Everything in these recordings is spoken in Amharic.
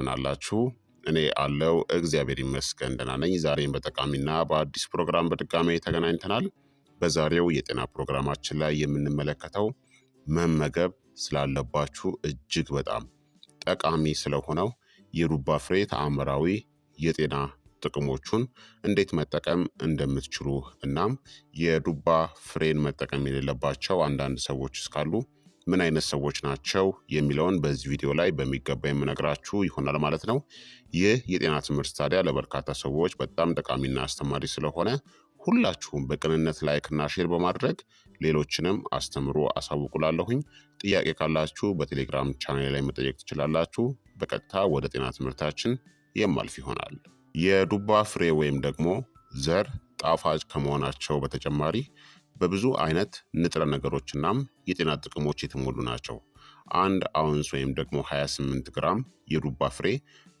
ምናላችሁ እኔ አለው እግዚአብሔር ይመስገን ደህና ነኝ። ዛሬም በጠቃሚና በአዲስ ፕሮግራም በድጋሜ ተገናኝተናል። በዛሬው የጤና ፕሮግራማችን ላይ የምንመለከተው መመገብ ስላለባችሁ እጅግ በጣም ጠቃሚ ስለሆነው የዱባ ፍሬ ተአምራዊ የጤና ጥቅሞቹን እንዴት መጠቀም እንደምትችሉ እናም የዱባ ፍሬን መጠቀም የሌለባቸው አንዳንድ ሰዎች እስካሉ ምን አይነት ሰዎች ናቸው የሚለውን በዚህ ቪዲዮ ላይ በሚገባ የምነግራችሁ ይሆናል ማለት ነው። ይህ የጤና ትምህርት ታዲያ ለበርካታ ሰዎች በጣም ጠቃሚና አስተማሪ ስለሆነ ሁላችሁም በቅንነት ላይክና ሼር በማድረግ ሌሎችንም አስተምሮ አሳውቁላለሁኝ። ጥያቄ ካላችሁ በቴሌግራም ቻናል ላይ መጠየቅ ትችላላችሁ። በቀጥታ ወደ ጤና ትምህርታችን የማልፍ ይሆናል። የዱባ ፍሬ ወይም ደግሞ ዘር ጣፋጭ ከመሆናቸው በተጨማሪ በብዙ አይነት ንጥረ ነገሮችናም የጤና ጥቅሞች የተሞሉ ናቸው። አንድ አውንስ ወይም ደግሞ 28 ግራም የዱባ ፍሬ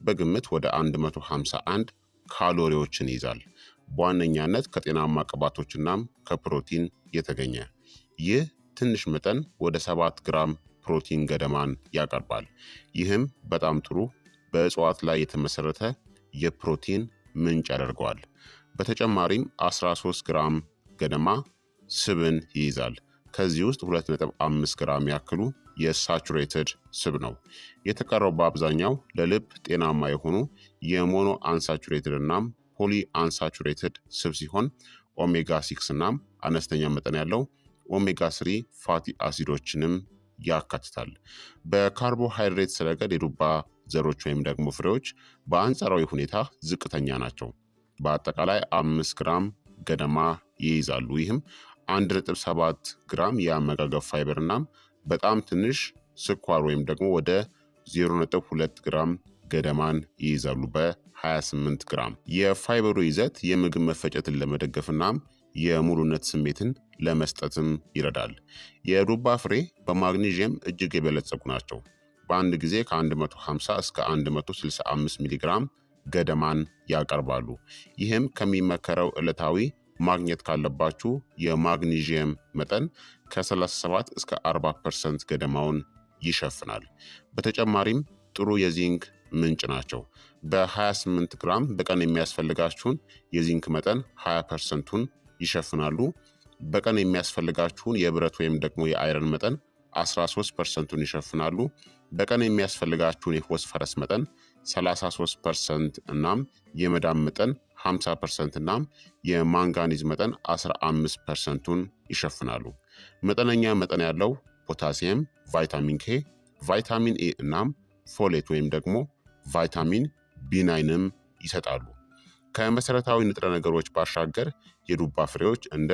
በግምት ወደ 151 ካሎሪዎችን ይይዛል። በዋነኛነት ከጤናማ ቅባቶችናም ከፕሮቲን የተገኘ ይህ ትንሽ መጠን ወደ 7 ግራም ፕሮቲን ገደማን ያቀርባል። ይህም በጣም ጥሩ በእጽዋት ላይ የተመሰረተ የፕሮቲን ምንጭ ያደርገዋል። በተጨማሪም 13 ግራም ገደማ ስብን ይይዛል። ከዚህ ውስጥ 2.5 ግራም ያክሉ የሳቹሬትድ ስብ ነው። የተቀረው በአብዛኛው ለልብ ጤናማ የሆኑ የሞኖ አንሳቹሬትድ እናም ፖሊ አንሳቹሬትድ ስብ ሲሆን ኦሜጋ ሲክስ እናም አነስተኛ መጠን ያለው ኦሜጋ ስሪ ፋቲ አሲዶችንም ያካትታል። በካርቦሃይድሬት ስለገድ የዱባ ዘሮች ወይም ደግሞ ፍሬዎች በአንጻራዊ ሁኔታ ዝቅተኛ ናቸው። በአጠቃላይ አምስት ግራም ገደማ ይይዛሉ። ይህም 1.7 ግራም የአመጋገብ ፋይበር እናም በጣም ትንሽ ስኳር ወይም ደግሞ ወደ 0.2 ግራም ገደማን ይይዛሉ በ28 ግራም። የፋይበሩ ይዘት የምግብ መፈጨትን ለመደገፍ እናም የሙሉነት ስሜትን ለመስጠትም ይረዳል። የዱባ ፍሬ በማግኔዥየም እጅግ የበለጸጉ ናቸው። በአንድ ጊዜ ከ150 እስከ 165 ሚሊግራም ገደማን ያቀርባሉ። ይህም ከሚመከረው ዕለታዊ ማግኘት ካለባችሁ የማግኒዥየም መጠን ከ37 እስከ 40 ፐርሰንት ገደማውን ይሸፍናል። በተጨማሪም ጥሩ የዚንክ ምንጭ ናቸው። በ28 ግራም በቀን የሚያስፈልጋችሁን የዚንክ መጠን 20 ፐርሰንቱን ይሸፍናሉ። በቀን የሚያስፈልጋችሁን የብረት ወይም ደግሞ የአይረን መጠን 13 ፐርሰንቱን ይሸፍናሉ። በቀን የሚያስፈልጋችሁን የፎስፈረስ መጠን 33 ፐርሰንት እናም የመዳን መጠን 50 ፐርሰንት እናም የማንጋኒዝ መጠን 15 ፐርሰንቱን ይሸፍናሉ። መጠነኛ መጠን ያለው ፖታሲየም፣ ቫይታሚን ኬ፣ ቫይታሚን ኤ እናም ፎሌት ወይም ደግሞ ቫይታሚን ቢናይንም ይሰጣሉ። ከመሰረታዊ ንጥረ ነገሮች ባሻገር የዱባ ፍሬዎች እንደ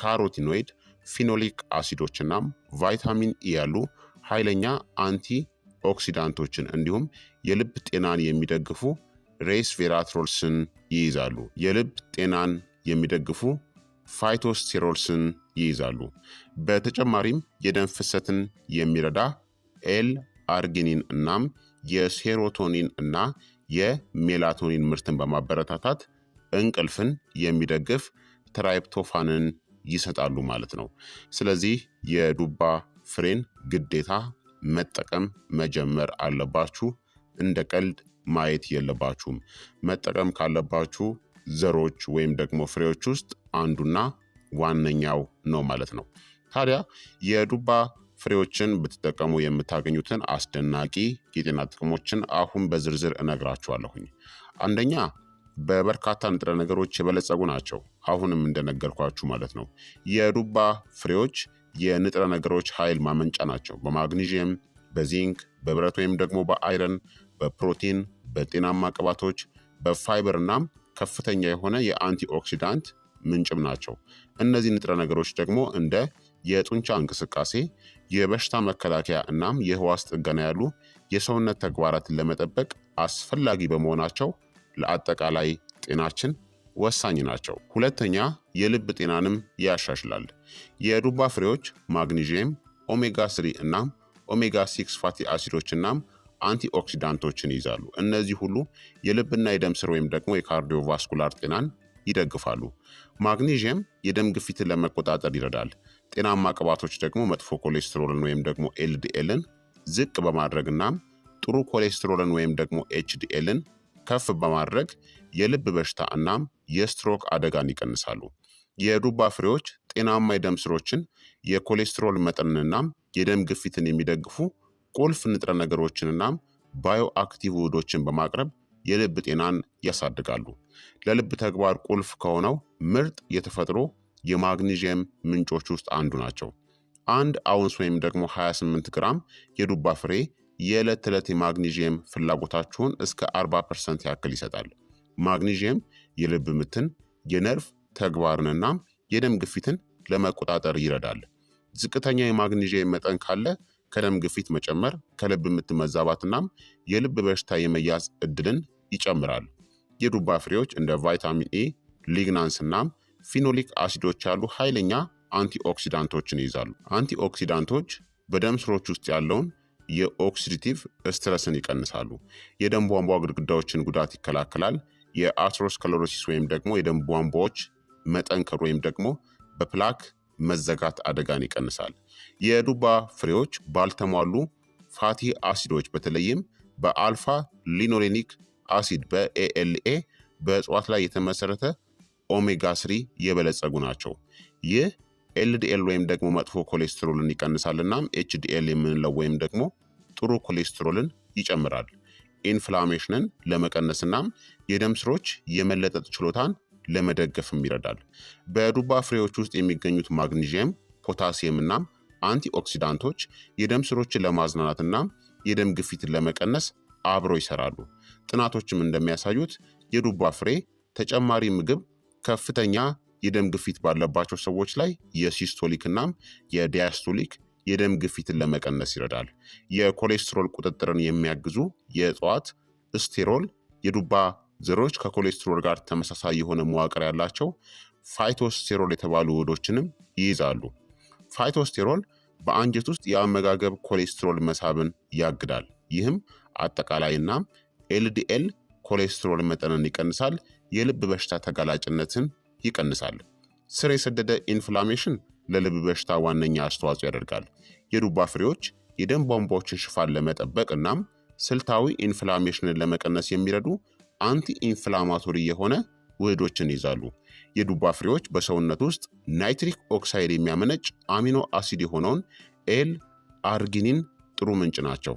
ካሮቲኖይድ፣ ፊኖሊክ አሲዶች እናም ቫይታሚን ኢ ያሉ ኃይለኛ አንቲ ኦክሲዳንቶችን እንዲሁም የልብ ጤናን የሚደግፉ ሬስቬራትሮልስን ይይዛሉ። የልብ ጤናን የሚደግፉ ፋይቶስቴሮልስን ይይዛሉ። በተጨማሪም የደም ፍሰትን የሚረዳ ኤል አርጊኒን እናም የሴሮቶኒን እና የሜላቶኒን ምርትን በማበረታታት እንቅልፍን የሚደግፍ ትራይፕቶፋንን ይሰጣሉ ማለት ነው። ስለዚህ የዱባ ፍሬን ግዴታ መጠቀም መጀመር አለባችሁ። እንደ ቀልድ ማየት የለባችሁም። መጠቀም ካለባችሁ ዘሮች ወይም ደግሞ ፍሬዎች ውስጥ አንዱና ዋነኛው ነው ማለት ነው። ታዲያ የዱባ ፍሬዎችን ብትጠቀሙ የምታገኙትን አስደናቂ የጤና ጥቅሞችን አሁን በዝርዝር እነግራችኋለሁኝ። አንደኛ በበርካታ ንጥረ ነገሮች የበለጸጉ ናቸው። አሁንም እንደነገርኳችሁ ማለት ነው። የዱባ ፍሬዎች የንጥረ ነገሮች ኃይል ማመንጫ ናቸው። በማግኒዥየም፣ በዚንክ፣ በብረት ወይም ደግሞ በአይረን፣ በፕሮቲን፣ በጤናማ ቅባቶች፣ በፋይበር እናም ከፍተኛ የሆነ የአንቲኦክሲዳንት ምንጭም ናቸው። እነዚህ ንጥረ ነገሮች ደግሞ እንደ የጡንቻ እንቅስቃሴ፣ የበሽታ መከላከያ እናም የህዋስ ጥገና ያሉ የሰውነት ተግባራትን ለመጠበቅ አስፈላጊ በመሆናቸው ለአጠቃላይ ጤናችን ወሳኝ ናቸው። ሁለተኛ የልብ ጤናንም ያሻሽላል። የዱባ ፍሬዎች ማግኒዥየም፣ ኦሜጋ 3 እናም ኦሜጋ 6 ፋቲ አሲዶች እናም አንቲኦክሲዳንቶችን ይይዛሉ። እነዚህ ሁሉ የልብና የደም ስር ወይም ደግሞ የካርዲዮቫስኩላር ጤናን ይደግፋሉ። ማግኒዥየም የደም ግፊትን ለመቆጣጠር ይረዳል። ጤናማ ቅባቶች ደግሞ መጥፎ ኮሌስትሮልን ወይም ደግሞ ኤልዲኤልን ዝቅ በማድረግ እናም ጥሩ ኮሌስትሮልን ወይም ደግሞ ኤችዲኤልን ከፍ በማድረግ የልብ በሽታ እናም የስትሮክ አደጋን ይቀንሳሉ። የዱባ ፍሬዎች ጤናማ የደም ስሮችን፣ የኮሌስትሮል መጠንንናም የደም ግፊትን የሚደግፉ ቁልፍ ንጥረ ነገሮችንና ባዮ አክቲቭ ውህዶችን በማቅረብ የልብ ጤናን ያሳድጋሉ። ለልብ ተግባር ቁልፍ ከሆነው ምርጥ የተፈጥሮ የማግኒዥየም ምንጮች ውስጥ አንዱ ናቸው። አንድ አውንስ ወይም ደግሞ 28 ግራም የዱባ ፍሬ የዕለት ተዕለት የማግኒዥየም ፍላጎታችሁን እስከ 40 ፐርሰንት ያክል ይሰጣል። ማግኒዥየም የልብ ምትን፣ የነርቭ ተግባርንና የደም ግፊትን ለመቆጣጠር ይረዳል። ዝቅተኛ የማግኒዥየም መጠን ካለ ከደም ግፊት መጨመር፣ ከልብ ምት መዛባትናም የልብ በሽታ የመያዝ እድልን ይጨምራል። የዱባ ፍሬዎች እንደ ቫይታሚን ኤ፣ ሊግናንስ እናም ፊኖሊክ አሲዶች ያሉ ኃይለኛ አንቲኦክሲዳንቶችን ይይዛሉ። አንቲኦክሲዳንቶች በደም ስሮች ውስጥ ያለውን የኦክሲዲቲቭ ስትረስን ይቀንሳሉ። የደም ቧንቧ ግድግዳዎችን ጉዳት ይከላከላል። የአትሮስክለሮሲስ ወይም ደግሞ የደም ቧንቧዎች መጠንከር ወይም ደግሞ በፕላክ መዘጋት አደጋን ይቀንሳል። የዱባ ፍሬዎች ባልተሟሉ ፋቲ አሲዶች በተለይም በአልፋ ሊኖሌኒክ አሲድ በኤኤልኤ በእጽዋት ላይ የተመሰረተ ኦሜጋ ስሪ የበለጸጉ ናቸው። ይህ ኤልዲኤል ወይም ደግሞ መጥፎ ኮሌስትሮልን ይቀንሳል። እናም ኤችዲኤል የምንለው ወይም ደግሞ ጥሩ ኮሌስትሮልን ይጨምራል። ኢንፍላሜሽንን ለመቀነስ እናም የደም ስሮች የመለጠጥ ችሎታን ለመደገፍም ይረዳል። በዱባ ፍሬዎች ውስጥ የሚገኙት ማግኒዥየም፣ ፖታሲየም እና አንቲ ኦክሲዳንቶች የደም ስሮችን ለማዝናናትና የደም ግፊትን ለመቀነስ አብረው ይሰራሉ። ጥናቶችም እንደሚያሳዩት የዱባ ፍሬ ተጨማሪ ምግብ ከፍተኛ የደም ግፊት ባለባቸው ሰዎች ላይ የሲስቶሊክ እናም የዲያስቶሊክ የደም ግፊትን ለመቀነስ ይረዳል። የኮሌስትሮል ቁጥጥርን የሚያግዙ የእጽዋት ስቴሮል የዱባ ዘሮች ከኮሌስትሮል ጋር ተመሳሳይ የሆነ መዋቅር ያላቸው ፋይቶስቴሮል የተባሉ ውህዶችንም ይይዛሉ። ፋይቶስቴሮል በአንጀት ውስጥ የአመጋገብ ኮሌስትሮል መሳብን ያግዳል። ይህም አጠቃላይ እናም ኤልዲኤል ኮሌስትሮል መጠንን ይቀንሳል። የልብ በሽታ ተጋላጭነትን ይቀንሳል። ስር የሰደደ ኢንፍላሜሽን ለልብ በሽታ ዋነኛ አስተዋጽኦ ያደርጋል። የዱባ ፍሬዎች የደም ቧንቧዎችን ሽፋን ለመጠበቅ እናም ስልታዊ ኢንፍላሜሽንን ለመቀነስ የሚረዱ አንቲ ኢንፍላማቶሪ የሆነ ውህዶችን ይዛሉ። የዱባ ፍሬዎች በሰውነት ውስጥ ናይትሪክ ኦክሳይድ የሚያመነጭ አሚኖ አሲድ የሆነውን ኤል አርጊኒን ጥሩ ምንጭ ናቸው።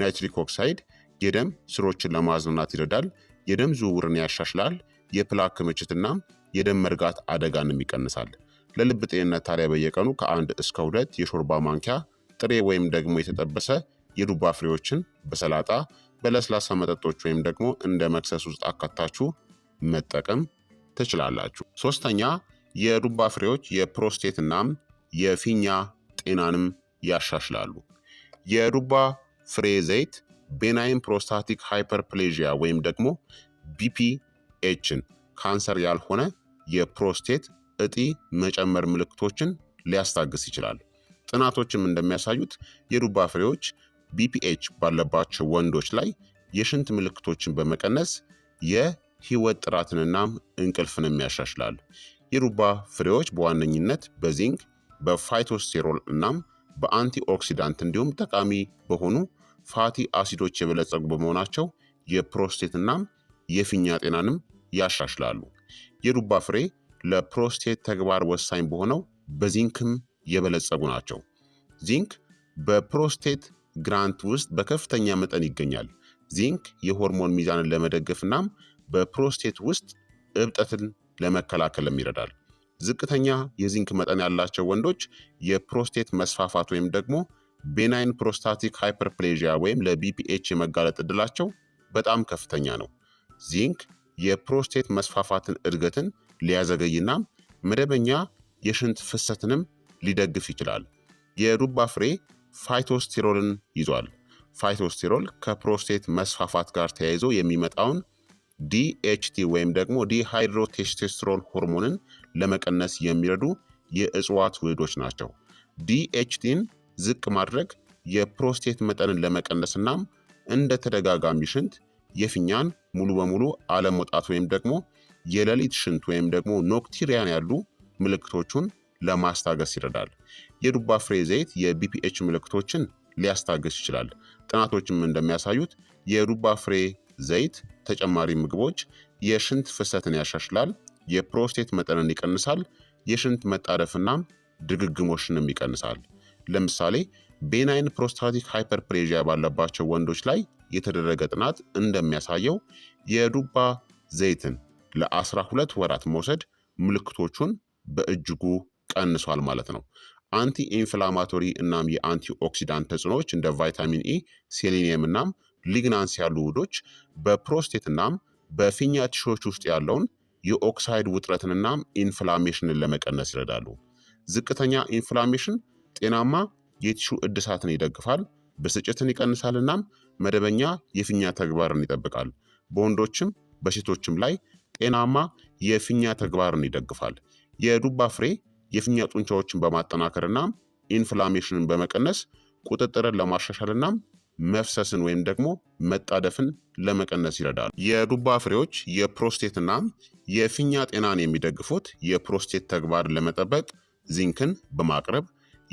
ናይትሪክ ኦክሳይድ የደም ስሮችን ለማዝናናት ይረዳል፣ የደም ዝውውርን ያሻሽላል፣ የፕላክ ክምችትና የደም መርጋት አደጋንም ይቀንሳል። ለልብ ጤንነት ታዲያ በየቀኑ ከአንድ እስከ ሁለት የሾርባ ማንኪያ ጥሬ ወይም ደግሞ የተጠበሰ የዱባ ፍሬዎችን በሰላጣ በለስላሳ መጠጦች ወይም ደግሞ እንደ መክሰስ ውስጥ አካታችሁ መጠቀም ትችላላችሁ። ሶስተኛ የዱባ ፍሬዎች የፕሮስቴትናም የፊኛ ጤናንም ያሻሽላሉ። የዱባ ፍሬ ዘይት ቤናይን ፕሮስታቲክ ሃይፐርፕሌዥያ ወይም ደግሞ ቢፒኤችን ካንሰር ያልሆነ የፕሮስቴት እጢ መጨመር ምልክቶችን ሊያስታግስ ይችላል። ጥናቶችም እንደሚያሳዩት የዱባ ፍሬዎች ቢፒኤች ባለባቸው ወንዶች ላይ የሽንት ምልክቶችን በመቀነስ የህይወት ጥራትንና እንቅልፍንም ያሻሽላል። የዱባ ፍሬዎች በዋነኝነት በዚንክ በፋይቶስቴሮል እናም በአንቲኦክሲዳንት እንዲሁም ጠቃሚ በሆኑ ፋቲ አሲዶች የበለጸጉ በመሆናቸው የፕሮስቴት እናም የፊኛ ጤናንም ያሻሽላሉ። የዱባ ፍሬ ለፕሮስቴት ተግባር ወሳኝ በሆነው በዚንክም የበለጸጉ ናቸው። ዚንክ በፕሮስቴት ግራንት ውስጥ በከፍተኛ መጠን ይገኛል። ዚንክ የሆርሞን ሚዛንን ለመደገፍ እናም በፕሮስቴት ውስጥ እብጠትን ለመከላከልም ይረዳል። ዝቅተኛ የዚንክ መጠን ያላቸው ወንዶች የፕሮስቴት መስፋፋት ወይም ደግሞ ቤናይን ፕሮስታቲክ ሃይፐርፕሌዥያ ወይም ለቢፒኤች የመጋለጥ እድላቸው በጣም ከፍተኛ ነው። ዚንክ የፕሮስቴት መስፋፋትን እድገትን ሊያዘገይና መደበኛ የሽንት ፍሰትንም ሊደግፍ ይችላል። የዱባ ፍሬ ፋይቶስቴሮልን ይዟል። ፋይቶስቴሮል ከፕሮስቴት መስፋፋት ጋር ተያይዞ የሚመጣውን ዲኤችቲ ወይም ደግሞ ዲሃይድሮቴስቴስትሮል ሆርሞንን ለመቀነስ የሚረዱ የእጽዋት ውህዶች ናቸው። ዲኤችቲን ዝቅ ማድረግ የፕሮስቴት መጠንን ለመቀነስ እናም እንደ ተደጋጋሚ ሽንት የፊኛን ሙሉ በሙሉ አለመውጣት ወይም ደግሞ የሌሊት ሽንት ወይም ደግሞ ኖክቲሪያን ያሉ ምልክቶቹን ለማስታገስ ይረዳል። የዱባ ፍሬ ዘይት የቢፒኤች ምልክቶችን ሊያስታግስ ይችላል። ጥናቶችም እንደሚያሳዩት የዱባ ፍሬ ዘይት ተጨማሪ ምግቦች የሽንት ፍሰትን ያሻሽላል፣ የፕሮስቴት መጠንን ይቀንሳል፣ የሽንት መጣደፍና ድግግሞሽንም ይቀንሳል። ለምሳሌ ቤናይን ፕሮስታቲክ ሃይፐርፕሬዥያ ባለባቸው ወንዶች ላይ የተደረገ ጥናት እንደሚያሳየው የዱባ ዘይትን ለ12 ወራት መውሰድ ምልክቶቹን በእጅጉ ቀንሷል ማለት ነው። አንቲ ኢንፍላማቶሪ እናም የአንቲ ኦክሲዳንት ተጽዕኖዎች እንደ ቫይታሚን ኢ፣ ሴሌኒየም እናም ሊግናንስ ያሉ ውህዶች በፕሮስቴት እናም በፊኛ ቲሾች ውስጥ ያለውን የኦክሳይድ ውጥረትን እናም ኢንፍላሜሽንን ለመቀነስ ይረዳሉ። ዝቅተኛ ኢንፍላሜሽን ጤናማ የቲሹ እድሳትን ይደግፋል፣ ብስጭትን ይቀንሳል እናም መደበኛ የፊኛ ተግባርን ይጠብቃል። በወንዶችም በሴቶችም ላይ ጤናማ የፊኛ ተግባርን ይደግፋል። የዱባ ፍሬ የፊኛ ጡንቻዎችን በማጠናከር እናም ኢንፍላሜሽንን በመቀነስ ቁጥጥርን ለማሻሻል እናም መፍሰስን ወይም ደግሞ መጣደፍን ለመቀነስ ይረዳል። የዱባ ፍሬዎች የፕሮስቴትና የፊኛ ጤናን የሚደግፉት የፕሮስቴት ተግባር ለመጠበቅ ዚንክን በማቅረብ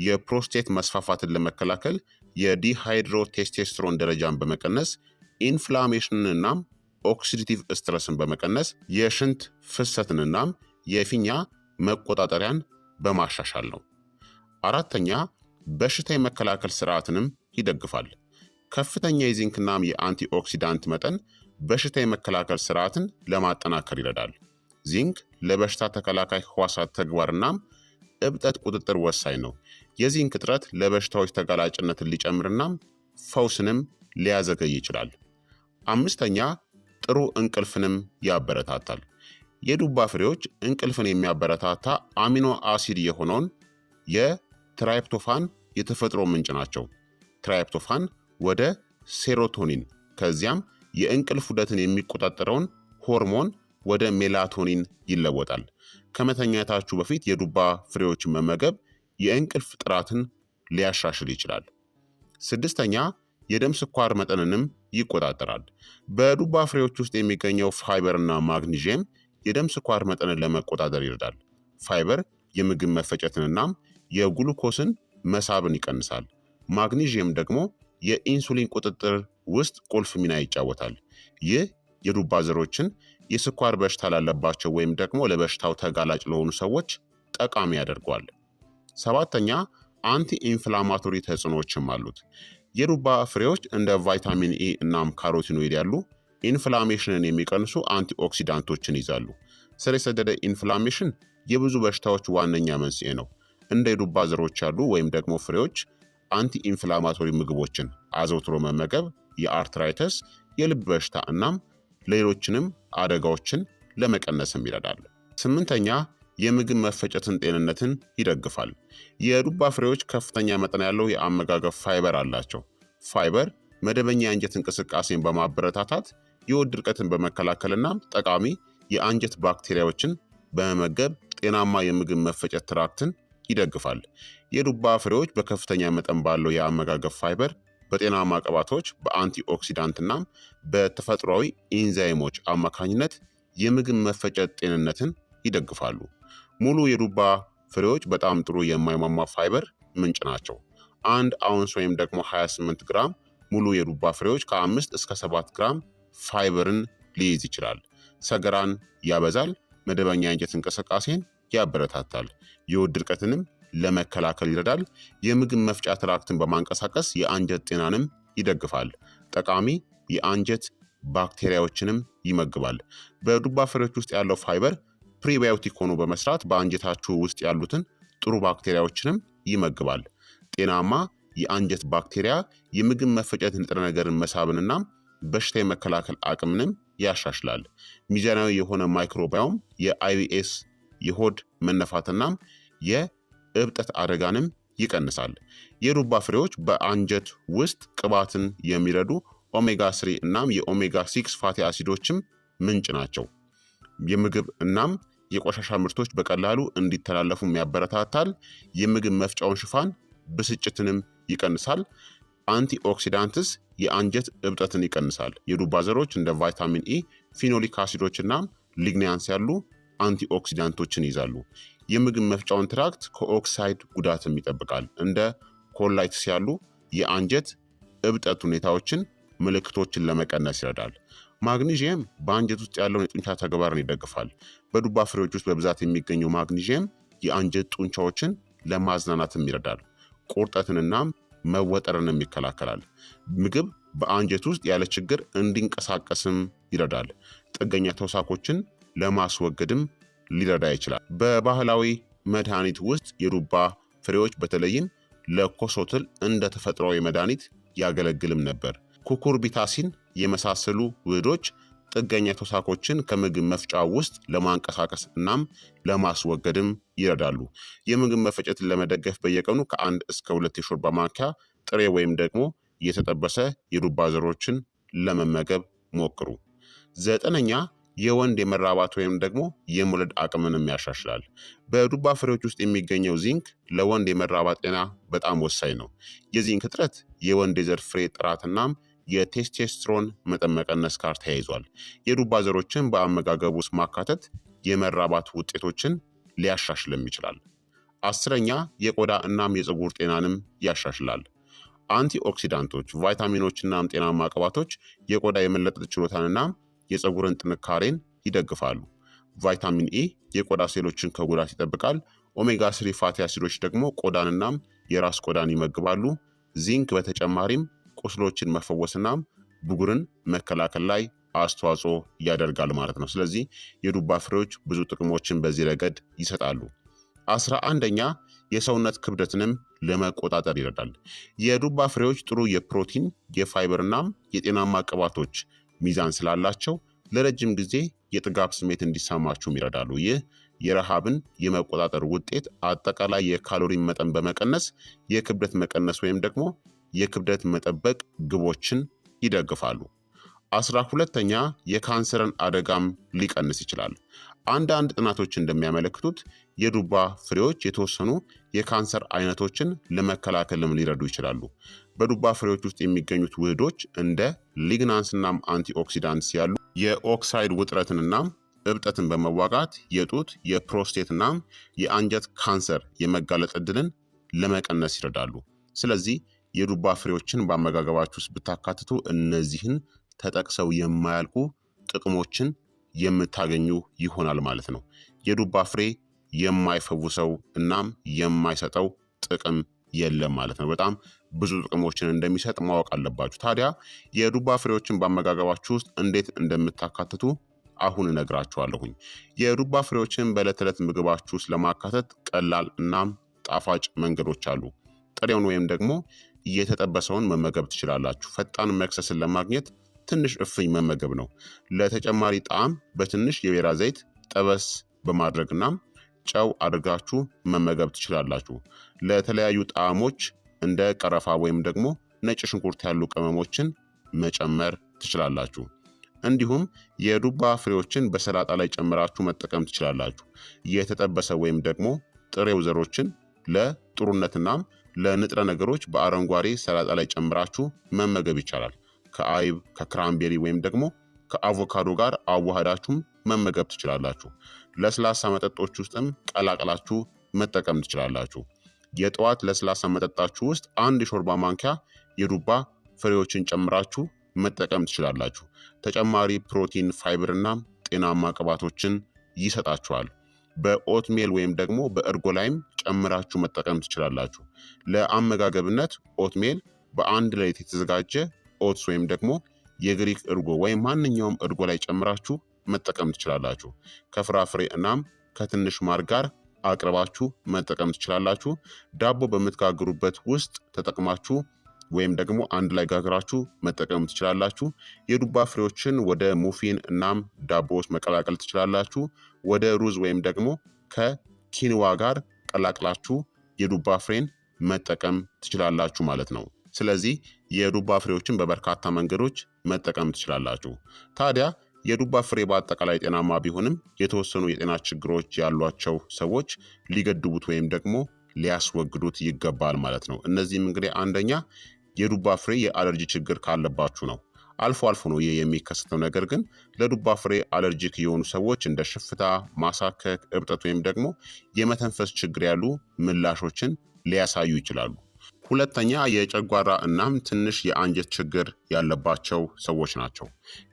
የፕሮስቴት መስፋፋትን ለመከላከል የዲሃይድሮ ቴስቴስትሮን ደረጃን በመቀነስ ኢንፍላሜሽንንና ኦክሲዲቲቭ ስትረስን በመቀነስ የሽንት ፍሰትንና የፊኛ መቆጣጠሪያን በማሻሻል ነው። አራተኛ በሽታ የመከላከል ስርዓትንም ይደግፋል። ከፍተኛ የዚንክናም የአንቲኦክሲዳንት መጠን በሽታ የመከላከል ስርዓትን ለማጠናከር ይረዳል። ዚንክ ለበሽታ ተከላካይ ህዋሳት ተግባርናም እብጠት ቁጥጥር ወሳኝ ነው። የዚንክ እጥረት ለበሽታዎች ተጋላጭነትን ሊጨምርናም ፈውስንም ሊያዘገይ ይችላል። አምስተኛ ጥሩ እንቅልፍንም ያበረታታል። የዱባ ፍሬዎች እንቅልፍን የሚያበረታታ አሚኖ አሲድ የሆነውን የትራይፕቶፋን የተፈጥሮ ምንጭ ናቸው። ትራይፕቶፋን ወደ ሴሮቶኒን ከዚያም የእንቅልፍ ውደትን የሚቆጣጠረውን ሆርሞን ወደ ሜላቶኒን ይለወጣል። ከመተኛታችሁ በፊት የዱባ ፍሬዎችን መመገብ የእንቅልፍ ጥራትን ሊያሻሽል ይችላል። ስድስተኛ የደም ስኳር መጠንንም ይቆጣጠራል። በዱባ ፍሬዎች ውስጥ የሚገኘው ፋይበርና ማግኒዥየም የደም ስኳር መጠንን ለመቆጣጠር ይረዳል። ፋይበር የምግብ መፈጨትን እናም የጉሉኮስን መሳብን ይቀንሳል። ማግኒዥየም ደግሞ የኢንሱሊን ቁጥጥር ውስጥ ቁልፍ ሚና ይጫወታል። ይህ የዱባ ዘሮችን የስኳር በሽታ ላለባቸው ወይም ደግሞ ለበሽታው ተጋላጭ ለሆኑ ሰዎች ጠቃሚ ያደርገዋል። ሰባተኛ አንቲ ኢንፍላማቶሪ ተጽዕኖዎችም አሉት። የዱባ ፍሬዎች እንደ ቫይታሚን ኢ እናም ካሮቲኖይድ ያሉ ኢንፍላሜሽንን የሚቀንሱ አንቲኦክሲዳንቶችን ይዛሉ። ስር የሰደደ ኢንፍላሜሽን የብዙ በሽታዎች ዋነኛ መንስኤ ነው። እንደ የዱባ ዘሮች ያሉ ወይም ደግሞ ፍሬዎች፣ አንቲ ኢንፍላማቶሪ ምግቦችን አዘውትሮ መመገብ የአርትራይተስ፣ የልብ በሽታ እናም ሌሎችንም አደጋዎችን ለመቀነስም ይረዳል። ስምንተኛ የምግብ መፈጨትን ጤንነትን ይደግፋል። የዱባ ፍሬዎች ከፍተኛ መጠን ያለው የአመጋገብ ፋይበር አላቸው። ፋይበር መደበኛ የአንጀት እንቅስቃሴን በማበረታታት የሆድ ድርቀትን በመከላከልና ጠቃሚ የአንጀት ባክቴሪያዎችን በመመገብ ጤናማ የምግብ መፈጨት ትራክትን ይደግፋል። የዱባ ፍሬዎች በከፍተኛ መጠን ባለው የአመጋገብ ፋይበር፣ በጤናማ ቅባቶች፣ በአንቲኦክሲዳንትና በተፈጥሯዊ ኢንዛይሞች አማካኝነት የምግብ መፈጨት ጤንነትን ይደግፋሉ። ሙሉ የዱባ ፍሬዎች በጣም ጥሩ የማይሟሟ ፋይበር ምንጭ ናቸው። አንድ አውንስ ወይም ደግሞ 28 ግራም ሙሉ የዱባ ፍሬዎች ከ5 እስከ 7 ግራም ፋይበርን ሊይዝ ይችላል። ሰገራን ያበዛል። መደበኛ የእንጨት እንቅስቃሴን ያበረታታል። የሆድ ድርቀትንም ለመከላከል ይረዳል። የምግብ መፍጫ ትራክትን በማንቀሳቀስ የአንጀት ጤናንም ይደግፋል። ጠቃሚ የአንጀት ባክቴሪያዎችንም ይመግባል። በዱባ ፍሬዎች ውስጥ ያለው ፋይበር ፕሪባዮቲክ ሆኖ በመስራት በአንጀታችሁ ውስጥ ያሉትን ጥሩ ባክቴሪያዎችንም ይመግባል። ጤናማ የአንጀት ባክቴሪያ የምግብ መፈጨት ንጥረ ነገርን መሳብንናም በሽታ የመከላከል አቅምንም ያሻሽላል። ሚዛናዊ የሆነ ማይክሮባዮም የአይቢኤስ የሆድ መነፋትናም የእብጠት አደጋንም ይቀንሳል። የዱባ ፍሬዎች በአንጀት ውስጥ ቅባትን የሚረዱ ኦሜጋ ስሪ እናም የኦሜጋ ሲክስ ፋቲ አሲዶችም ምንጭ ናቸው። የምግብ እናም የቆሻሻ ምርቶች በቀላሉ እንዲተላለፉም ያበረታታል። የምግብ መፍጫውን ሽፋን ብስጭትንም ይቀንሳል። አንቲኦክሲዳንትስ የአንጀት እብጠትን ይቀንሳል። የዱባ ዘሮች እንደ ቫይታሚን ኢ፣ ፊኖሊክ አሲዶችና ሊግኒያንስ ያሉ አንቲኦክሲዳንቶችን ይይዛሉ። የምግብ መፍጫውን ትራክት ከኦክሳይድ ጉዳትም ይጠብቃል። እንደ ኮላይትስ ያሉ የአንጀት እብጠት ሁኔታዎችን ምልክቶችን ለመቀነስ ይረዳል። ማግኒዥየም በአንጀት ውስጥ ያለውን የጡንቻ ተግባርን ይደግፋል። በዱባ ፍሬዎች ውስጥ በብዛት የሚገኘው ማግኒዥየም የአንጀት ጡንቻዎችን ለማዝናናትም ይረዳል። ቁርጠትንናም መወጠርንም ይከላከላል። ምግብ በአንጀት ውስጥ ያለ ችግር እንዲንቀሳቀስም ይረዳል። ጥገኛ ተውሳኮችን ለማስወገድም ሊረዳ ይችላል። በባህላዊ መድኃኒት ውስጥ የዱባ ፍሬዎች በተለይም ለኮሶትል እንደ ተፈጥሯዊ መድኃኒት ያገለግልም ነበር። ኩኩርቢታሲን የመሳሰሉ ውህዶች ጥገኛ ተውሳኮችን ከምግብ መፍጫ ውስጥ ለማንቀሳቀስ እናም ለማስወገድም ይረዳሉ። የምግብ መፈጨትን ለመደገፍ በየቀኑ ከአንድ እስከ ሁለት የሾርባ ማንኪያ ጥሬ ወይም ደግሞ የተጠበሰ የዱባ ዘሮችን ለመመገብ ሞክሩ። ዘጠነኛ የወንድ የመራባት ወይም ደግሞ የመውለድ አቅምንም ያሻሽላል። በዱባ ፍሬዎች ውስጥ የሚገኘው ዚንክ ለወንድ የመራባት ጤና በጣም ወሳኝ ነው። የዚንክ እጥረት የወንድ የዘር ፍሬ ጥራትናም የቴስቴስትሮን መጠን መቀነስ ጋር ተያይዟል። የዱባ ዘሮችን በአመጋገብ ውስጥ ማካተት የመራባት ውጤቶችን ሊያሻሽልም ይችላል። አስረኛ የቆዳ እናም የፀጉር ጤናንም ያሻሽላል። አንቲኦክሲዳንቶች፣ ቫይታሚኖች እናም ጤናማ ቅባቶች የቆዳ የመለጠጥ ችሎታንና የፀጉርን ጥንካሬን ይደግፋሉ። ቫይታሚን ኤ የቆዳ ሴሎችን ከጉዳት ይጠብቃል። ኦሜጋ ስሪ ፋቲ አሲዶች ደግሞ ቆዳንናም የራስ ቆዳን ይመግባሉ። ዚንክ በተጨማሪም ቁስሎችን መፈወስና ብጉርን መከላከል ላይ አስተዋጽኦ ያደርጋል ማለት ነው። ስለዚህ የዱባ ፍሬዎች ብዙ ጥቅሞችን በዚህ ረገድ ይሰጣሉ። አስራ አንደኛ የሰውነት ክብደትንም ለመቆጣጠር ይረዳል። የዱባ ፍሬዎች ጥሩ የፕሮቲን የፋይበርናም የጤናማ ቅባቶች ሚዛን ስላላቸው ለረጅም ጊዜ የጥጋብ ስሜት እንዲሰማችሁም ይረዳሉ። ይህ የረሃብን የመቆጣጠር ውጤት አጠቃላይ የካሎሪ መጠን በመቀነስ የክብደት መቀነስ ወይም ደግሞ የክብደት መጠበቅ ግቦችን ይደግፋሉ። አስራ ሁለተኛ የካንሰርን አደጋም ሊቀንስ ይችላል። አንዳንድ ጥናቶች እንደሚያመለክቱት የዱባ ፍሬዎች የተወሰኑ የካንሰር አይነቶችን ለመከላከልም ሊረዱ ይችላሉ። በዱባ ፍሬዎች ውስጥ የሚገኙት ውህዶች እንደ ሊግናንስናም አንቲኦክሲዳንትስ ያሉ የኦክሳይድ ውጥረትንናም እብጠትን በመዋጋት የጡት የፕሮስቴትናም የአንጀት ካንሰር የመጋለጥ ዕድልን ለመቀነስ ይረዳሉ። ስለዚህ የዱባ ፍሬዎችን በአመጋገባችሁ ውስጥ ብታካትቱ እነዚህን ተጠቅሰው የማያልቁ ጥቅሞችን የምታገኙ ይሆናል ማለት ነው። የዱባ ፍሬ የማይፈውሰው እናም የማይሰጠው ጥቅም የለም ማለት ነው። በጣም ብዙ ጥቅሞችን እንደሚሰጥ ማወቅ አለባችሁ። ታዲያ የዱባ ፍሬዎችን በአመጋገባችሁ ውስጥ እንዴት እንደምታካትቱ አሁን እነግራችኋለሁኝ። የዱባ ፍሬዎችን በዕለት ተዕለት ምግባችሁ ውስጥ ለማካተት ቀላል እናም ጣፋጭ መንገዶች አሉ። ጥሬውን ወይም ደግሞ እየተጠበሰውን መመገብ ትችላላችሁ። ፈጣን መክሰስን ለማግኘት ትንሽ እፍኝ መመገብ ነው። ለተጨማሪ ጣዕም በትንሽ የቤራ ዘይት ጠበስ በማድረግና ጨው አድርጋችሁ መመገብ ትችላላችሁ። ለተለያዩ ጣዕሞች እንደ ቀረፋ ወይም ደግሞ ነጭ ሽንኩርት ያሉ ቅመሞችን መጨመር ትችላላችሁ። እንዲሁም የዱባ ፍሬዎችን በሰላጣ ላይ ጨምራችሁ መጠቀም ትችላላችሁ። የተጠበሰ ወይም ደግሞ ጥሬው ዘሮችን ለ ጥሩነትና ለንጥረ ነገሮች በአረንጓዴ ሰላጣ ላይ ጨምራችሁ መመገብ ይቻላል። ከአይብ ከክራምቤሪ ወይም ደግሞ ከአቮካዶ ጋር አዋህዳችሁም መመገብ ትችላላችሁ። ለስላሳ መጠጦች ውስጥም ቀላቅላችሁ መጠቀም ትችላላችሁ። የጠዋት ለስላሳ መጠጣችሁ ውስጥ አንድ የሾርባ ማንኪያ የዱባ ፍሬዎችን ጨምራችሁ መጠቀም ትችላላችሁ። ተጨማሪ ፕሮቲን፣ ፋይበር እና ጤናማ ቅባቶችን ይሰጣችኋል። በኦትሜል ወይም ደግሞ በእርጎ ላይም ጨምራችሁ መጠቀም ትችላላችሁ። ለአመጋገብነት ኦትሜል በአንድ ሌሊት የተዘጋጀ ኦትስ ወይም ደግሞ የግሪክ እርጎ ወይም ማንኛውም እርጎ ላይ ጨምራችሁ መጠቀም ትችላላችሁ። ከፍራፍሬ እናም ከትንሽ ማር ጋር አቅርባችሁ መጠቀም ትችላላችሁ። ዳቦ በምትጋግሩበት ውስጥ ተጠቅማችሁ ወይም ደግሞ አንድ ላይ ጋግራችሁ መጠቀም ትችላላችሁ። የዱባ ፍሬዎችን ወደ ሙፊን እናም ዳቦዎች መቀላቀል ትችላላችሁ። ወደ ሩዝ ወይም ደግሞ ከኪንዋ ጋር ቀላቅላችሁ የዱባ ፍሬን መጠቀም ትችላላችሁ ማለት ነው። ስለዚህ የዱባ ፍሬዎችን በበርካታ መንገዶች መጠቀም ትችላላችሁ። ታዲያ የዱባ ፍሬ በአጠቃላይ ጤናማ ቢሆንም የተወሰኑ የጤና ችግሮች ያሏቸው ሰዎች ሊገድቡት ወይም ደግሞ ሊያስወግዱት ይገባል ማለት ነው። እነዚህም እንግዲህ አንደኛ የዱባ ፍሬ የአለርጂ ችግር ካለባችሁ ነው። አልፎ አልፎ ነው ይህ የሚከሰተው። ነገር ግን ለዱባ ፍሬ አለርጂክ የሆኑ ሰዎች እንደ ሽፍታ፣ ማሳከክ፣ እብጠት ወይም ደግሞ የመተንፈስ ችግር ያሉ ምላሾችን ሊያሳዩ ይችላሉ። ሁለተኛ የጨጓራ እናም ትንሽ የአንጀት ችግር ያለባቸው ሰዎች ናቸው።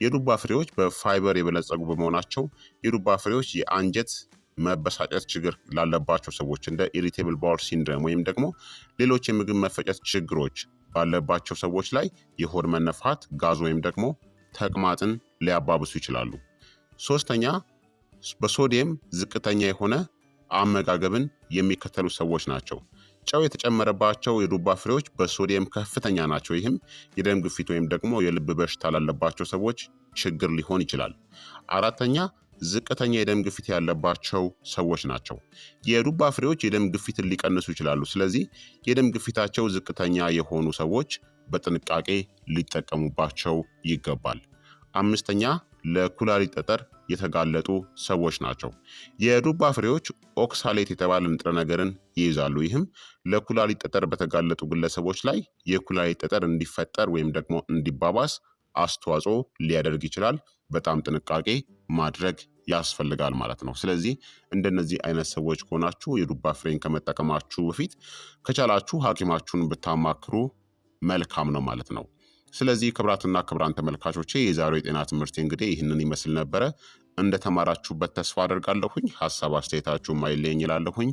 የዱባ ፍሬዎች በፋይበር የበለጸጉ በመሆናቸው የዱባ ፍሬዎች የአንጀት መበሳጨት ችግር ላለባቸው ሰዎች እንደ ኢሪቴብል ባውል ሲንድረም ወይም ደግሞ ሌሎች የምግብ መፈጨት ችግሮች ባለባቸው ሰዎች ላይ የሆድ መነፋት፣ ጋዝ ወይም ደግሞ ተቅማጥን ሊያባብሱ ይችላሉ። ሶስተኛ በሶዲየም ዝቅተኛ የሆነ አመጋገብን የሚከተሉ ሰዎች ናቸው። ጨው የተጨመረባቸው የዱባ ፍሬዎች በሶዲየም ከፍተኛ ናቸው። ይህም የደም ግፊት ወይም ደግሞ የልብ በሽታ ላለባቸው ሰዎች ችግር ሊሆን ይችላል። አራተኛ ዝቅተኛ የደም ግፊት ያለባቸው ሰዎች ናቸው። የዱባ ፍሬዎች የደም ግፊትን ሊቀንሱ ይችላሉ። ስለዚህ የደም ግፊታቸው ዝቅተኛ የሆኑ ሰዎች በጥንቃቄ ሊጠቀሙባቸው ይገባል። አምስተኛ ለኩላሊት ጠጠር የተጋለጡ ሰዎች ናቸው። የዱባ ፍሬዎች ኦክሳሌት የተባለ ንጥረ ነገርን ይይዛሉ። ይህም ለኩላሊት ጠጠር በተጋለጡ ግለሰቦች ላይ የኩላሊት ጠጠር እንዲፈጠር ወይም ደግሞ እንዲባባስ አስተዋጽኦ ሊያደርግ ይችላል። በጣም ጥንቃቄ ማድረግ ያስፈልጋል ማለት ነው። ስለዚህ እንደነዚህ አይነት ሰዎች ከሆናችሁ የዱባ ፍሬን ከመጠቀማችሁ በፊት ከቻላችሁ ሐኪማችሁን ብታማክሩ መልካም ነው ማለት ነው። ስለዚህ ክብራትና ክብራን ተመልካቾቼ የዛሬው የጤና ትምህርት እንግዲህ ይህንን ይመስል ነበረ። እንደተማራችሁበት ተስፋ አደርጋለሁኝ። ሀሳብ አስተየታችሁ ማይለኝ ይላለሁኝ።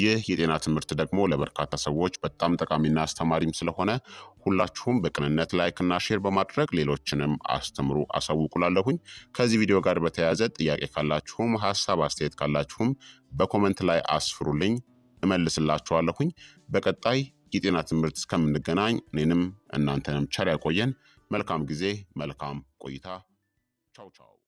ይህ የጤና ትምህርት ደግሞ ለበርካታ ሰዎች በጣም ጠቃሚና አስተማሪም ስለሆነ ሁላችሁም በቅንነት ላይክና ሼር በማድረግ ሌሎችንም አስተምሩ አሳውቁላለሁኝ። ከዚህ ቪዲዮ ጋር በተያያዘ ጥያቄ ካላችሁም ሀሳብ አስተያየት ካላችሁም በኮመንት ላይ አስፍሩልኝ፣ እመልስላችኋለሁኝ። በቀጣይ የጤና ትምህርት እስከምንገናኝ እኔንም እናንተንም ቸር ያቆየን። መልካም ጊዜ፣ መልካም ቆይታ። ቻው ቻው።